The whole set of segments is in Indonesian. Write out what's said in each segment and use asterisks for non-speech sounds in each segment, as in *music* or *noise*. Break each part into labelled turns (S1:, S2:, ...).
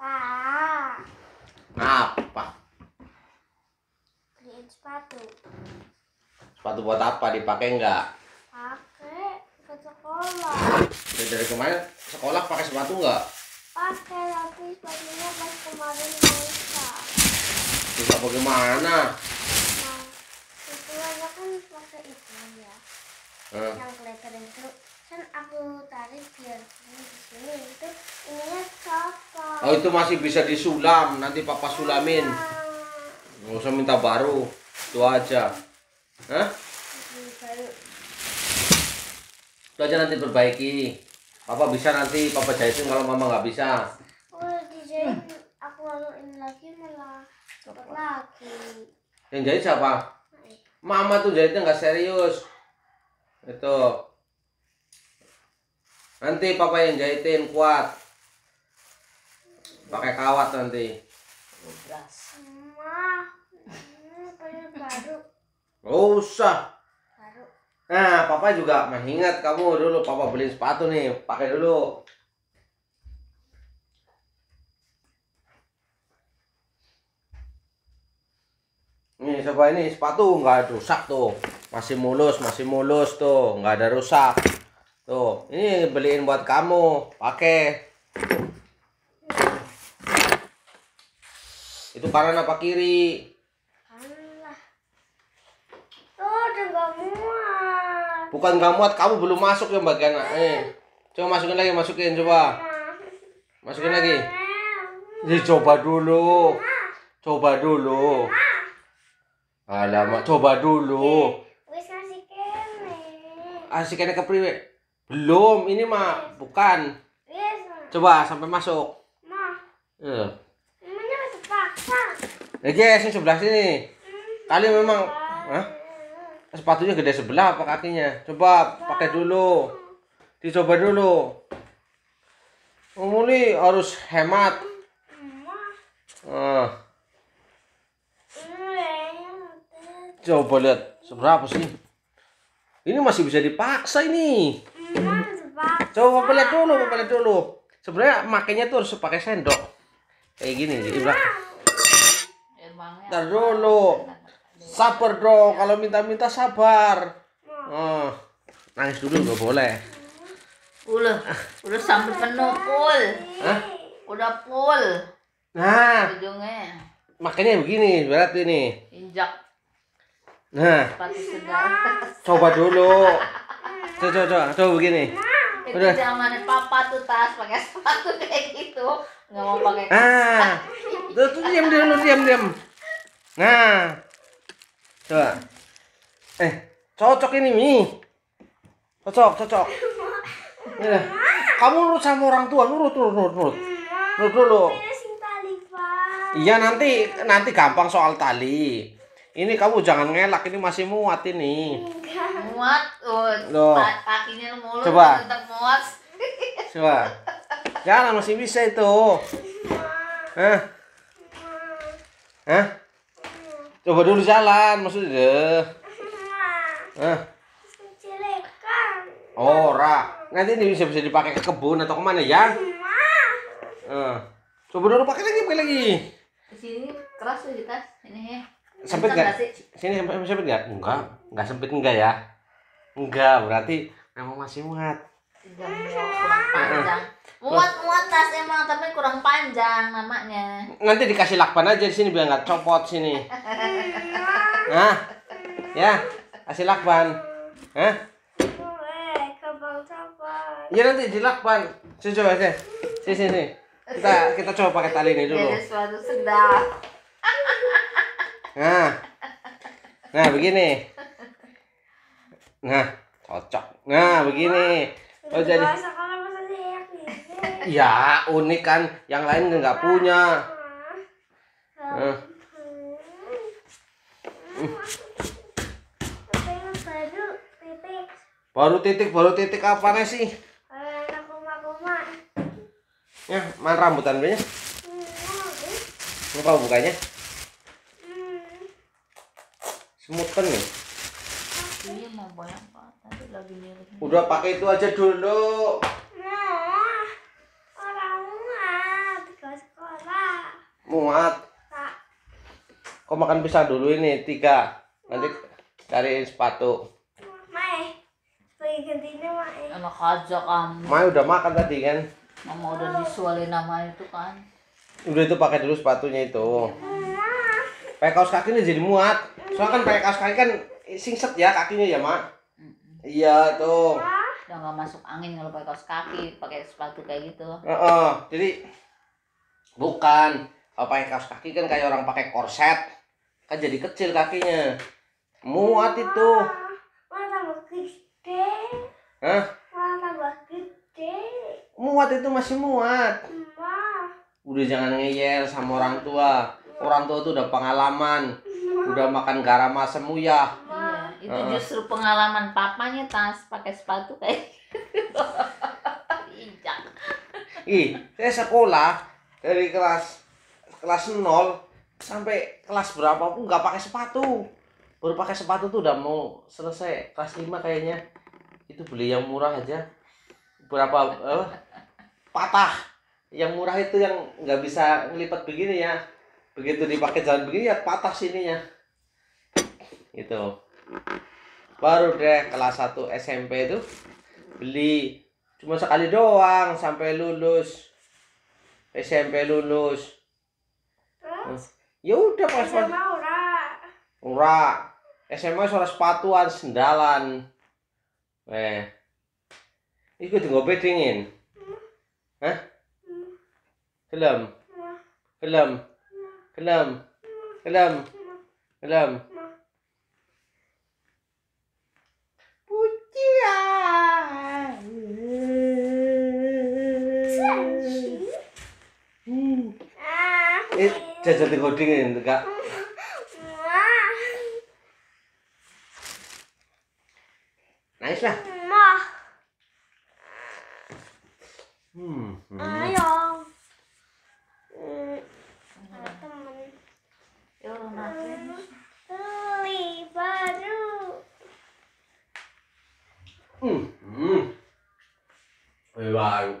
S1: Pak. Beliin sepatu. Sepatu buat apa? Dipakai nggak? Pakai ke sekolah. Dari, dari kemarin sekolah pakai sepatu nggak? Pakai tapi sepatunya pas kemarin rusak. Rusak bagaimana? Nah, itu aja kan pakai itu ya. Hmm. Yang glitter itu kan aku tarik biar ini di sini itu ininya copot oh itu masih bisa disulam nanti papa sulamin iya. nggak usah minta baru itu aja Hah? itu aja nanti perbaiki papa bisa nanti papa jahitin kalau mama nggak bisa oh aku lagi malah lagi yang jahit siapa mama tuh jahitnya nggak serius itu nanti papa yang jahitin kuat pakai kawat nanti Gak usah Nah, papa juga mengingat kamu dulu papa beli sepatu nih, pakai dulu. Nih, coba ini sepatu nggak rusak tuh. Masih mulus, masih mulus tuh, nggak ada rusak. Tuh, ini beliin buat kamu. Pakai. Itu kanan apa kiri? Oh, Bukan gak muat, kamu belum masuk ya bagian. Eh. Coba masukin lagi, masukin coba. Masukin lagi. Ya, coba dulu. Coba dulu. Alamak, coba dulu. Eh, asikannya ke kene. Belum, ini mah bukan. Coba sampai masuk. Ma. Iya. Eh. Namanya masuk paksa. Ya, sebelah sini. Kali hmm. memang Hah? Sepatunya gede sebelah apa kakinya? Coba pakai dulu. Dicoba dulu. Umuli harus hemat. Ah. Iya, iya, Coba lihat seberapa sih? Ini masih bisa dipaksa ini coba lihat dulu lihat dulu sebenarnya makainya tuh harus pakai sendok kayak gini ibrak Ntar dulu sabar dong kalau minta-minta sabar oh, nangis dulu nggak boleh udah udah sampai penuh pul Hah? udah pul nah ujungnya makanya begini berat ini injak nah coba dulu coba coba coba begini itu Udah. zaman papa tuh tas pakai sepatu kayak gitu nggak mau pakai ah tuh tuh diam diam tuh diam diam nah coba eh cocok ini mi cocok cocok ya kamu nurut sama orang tua nurut nurut nurut nurut nurut dulu iya nanti nanti gampang soal tali ini kamu jangan ngelak ini masih muat ini Enggak muat, uh, Loh. kakinya mulut coba. tetap muat. coba. Jangan masih bisa itu. Hah? Hah? Coba dulu jalan, maksudnya. Hah? Ora. Oh, Nanti ini bisa bisa dipakai ke kebun atau kemana ya? Uh, Coba dulu pakai lagi, pakai lagi. Di sini keras sih kita. Ini ya. Sempit nggak? Sini sempit nggak? Enggak. Enggak sempit enggak ya? Enggak, berarti emang masih muat. Enggak iya, muat, kurang panjang. Muat-muat tas emang tapi kurang panjang namanya. Nanti dikasih lakban aja di sini biar nggak copot sini. Nah, ya, kasih lakban. Hah? Ya nanti dilakban. Coba coba deh. Sini sini. Kita kita coba pakai tali ini dulu. Ini suatu sedap. Nah. Nah, begini. Nah, cocok. Nah, begini. Oh, jadi Ya, unik kan. Yang lain nggak punya. Nah. Baru titik, baru titik apa nih sih? Ya, mana rambutan punya? Ini kau bukanya? Hmm. Semut kan nih. Ini iya, mau banyak banget, tapi lagi Udah pakai itu aja dulu. Nah, muat Muat. Kok makan pisang dulu ini tiga. Nanti cari sepatu. Mai, Enak aja kamu. Mai udah makan tadi kan? Mama udah disuali nama itu kan. Udah itu pakai dulu sepatunya itu. Pakai kaos kaki ini jadi muat. Soalnya kan pakai kaos kaki kan Eh, singset ya kakinya ya mak iya tuh udah nggak masuk angin kalau pakai kaos kaki pakai sepatu kayak gitu uh -uh. jadi bukan kalau pakai kaos kaki kan kayak orang pakai korset kan jadi kecil kakinya muat itu gede. mana Hah? Muat itu masih muat. Udah jangan ngeyel sama orang tua. Orang tua tuh udah pengalaman. Udah makan garam asam uyah itu uh. justru pengalaman papanya tas pakai sepatu kayak injak gitu. *laughs* ih saya sekolah dari kelas kelas nol sampai kelas berapa pun nggak pakai sepatu baru pakai sepatu tuh udah mau selesai kelas 5 kayaknya itu beli yang murah aja berapa eh, patah yang murah itu yang nggak bisa ngelipat begini ya begitu dipakai jalan begini ya patah sininya itu baru deh kelas 1 SMP itu beli cuma sekali doang sampai lulus SMP lulus ya udah pas SMA ora ora SMA suara sepatuan sendalan eh itu tuh ngopi dingin hmm. hah kelam kelam kelam kelam kelam Jajan tinggal dingin, enggak. Ya, Nangis lah. Hmm, hmm. Ayo. Temen. Yo, baru. Hmm. Hmm. baru.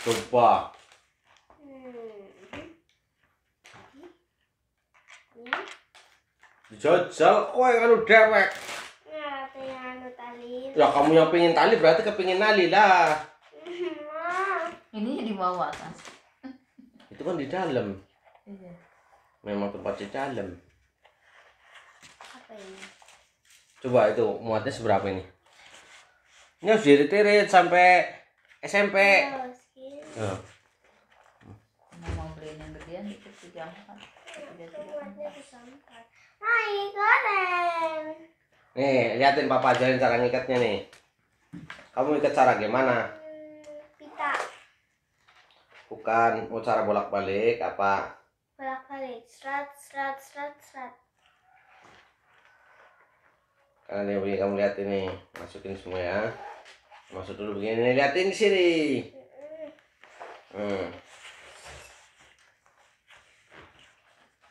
S1: coba jajal kowe anu dewek ya kamu yang pengen tali berarti kepingin nali lah ini di bawah atas. itu kan di dalam iya. memang tempat di dalam apa ini coba itu muatnya seberapa ini ini harus tirit sampai SMP Terus. Iya, Nah, mau beliin yang gedean dikit tiga keren nih liatin papa ajarin cara ngikatnya nih kamu ikat cara gimana pita hmm, bukan mau cara bolak balik apa bolak balik serat serat serat serat karena dia begini kamu lihat ini masukin semua ya masuk dulu begini liatin di sini Hmm.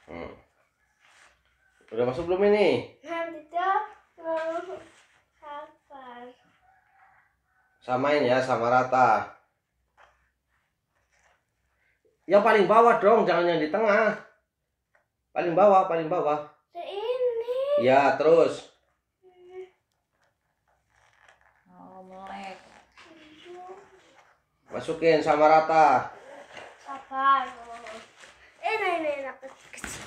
S1: hmm. Udah masuk belum ini? Samain ya, sama rata. Yang paling bawah dong, jangan yang di tengah. Paling bawah, paling bawah. Ini. Ya, terus. Masukin sama rata. Eh, apa? Enak enak kecil.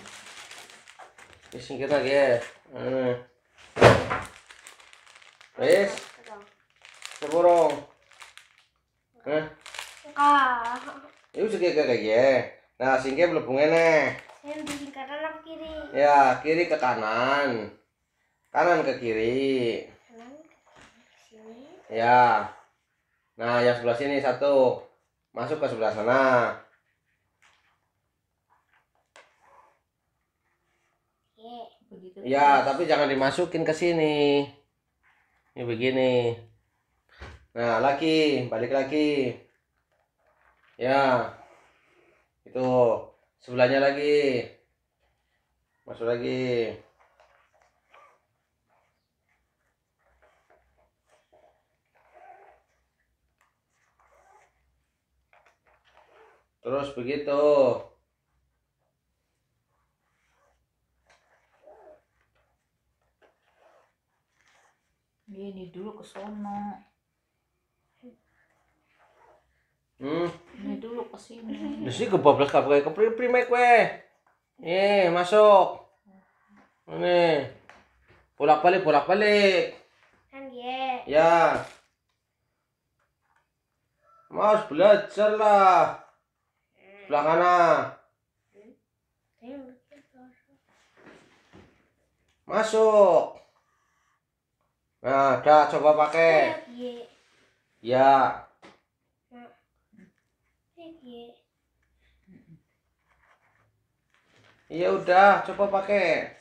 S1: Isin kita ge. Hmm. Wes. Terborong. Hah? Enggak. Ibu nah, segi ke ya. Nah, singkir belum melebungnya nih. Yang di kanan kiri. Ya, kiri ke kanan. Kanan ke kiri. Kanan ke sini. Ya. Nah, yang sebelah sini satu. Masuk ke sebelah sana. Ya, tapi jangan dimasukin ke sini. Ini begini. Nah, lagi, balik lagi. Ya. Itu sebelahnya lagi. Masuk lagi. Terus begitu. Ini dulu ke sono. Hmm. Ini dulu ke sini. ke bablas kebablas Ke kepri primek kowe. Nih, masuk. Ini. Bolak-balik, bolak-balik. Kan Ya. Mas belajar lah. Belah mana? Masuk. Nah, dah coba pakai. Ya. Iya udah, coba pakai.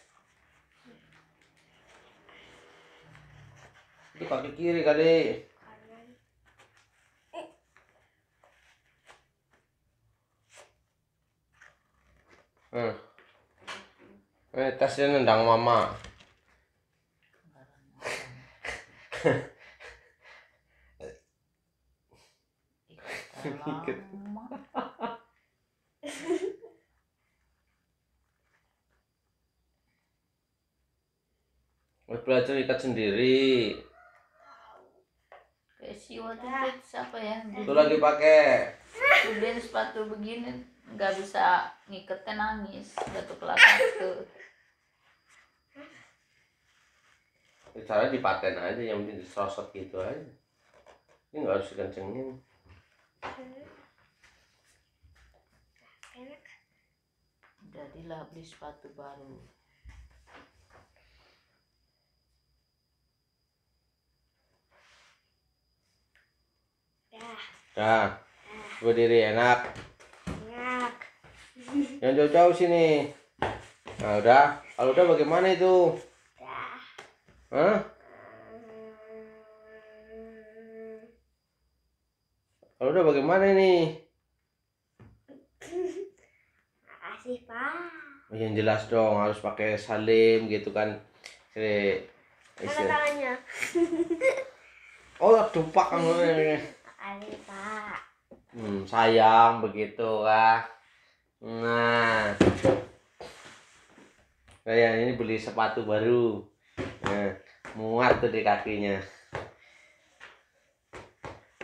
S1: Itu pakai kiri kali. hasilnya nendang mama Ikut. belajar ikat sendiri. itu siapa ya? Itu lagi pakai. Kemudian sepatu begini nggak bisa ngiketnya nangis jatuh kelas tuh. Ya, caranya dipaten aja yang penting diserosot gitu aja ini nggak harus dikencengin enak jadilah beli sepatu baru ya. berdiri enak. Enak. Yang jauh-jauh sini. Nah, udah. Kalau udah bagaimana itu? Hah? Kalau udah bagaimana ini? Makasih, Pak. Oh, yang jelas dong harus pakai salim gitu kan. Kere. Tangan tangannya. oh, tupak kamu. Makasih, Pak. Hmm, sayang begitu lah. Nah. Kayak ini beli sepatu baru nah, muat tuh di kakinya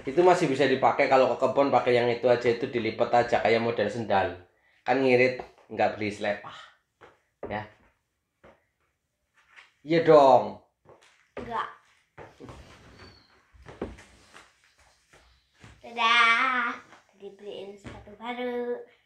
S1: itu masih bisa dipakai kalau ke kebun pakai yang itu aja itu dilipet aja kayak model sendal kan ngirit nggak beli selepah ya iya dong enggak dadah dibeliin sepatu baru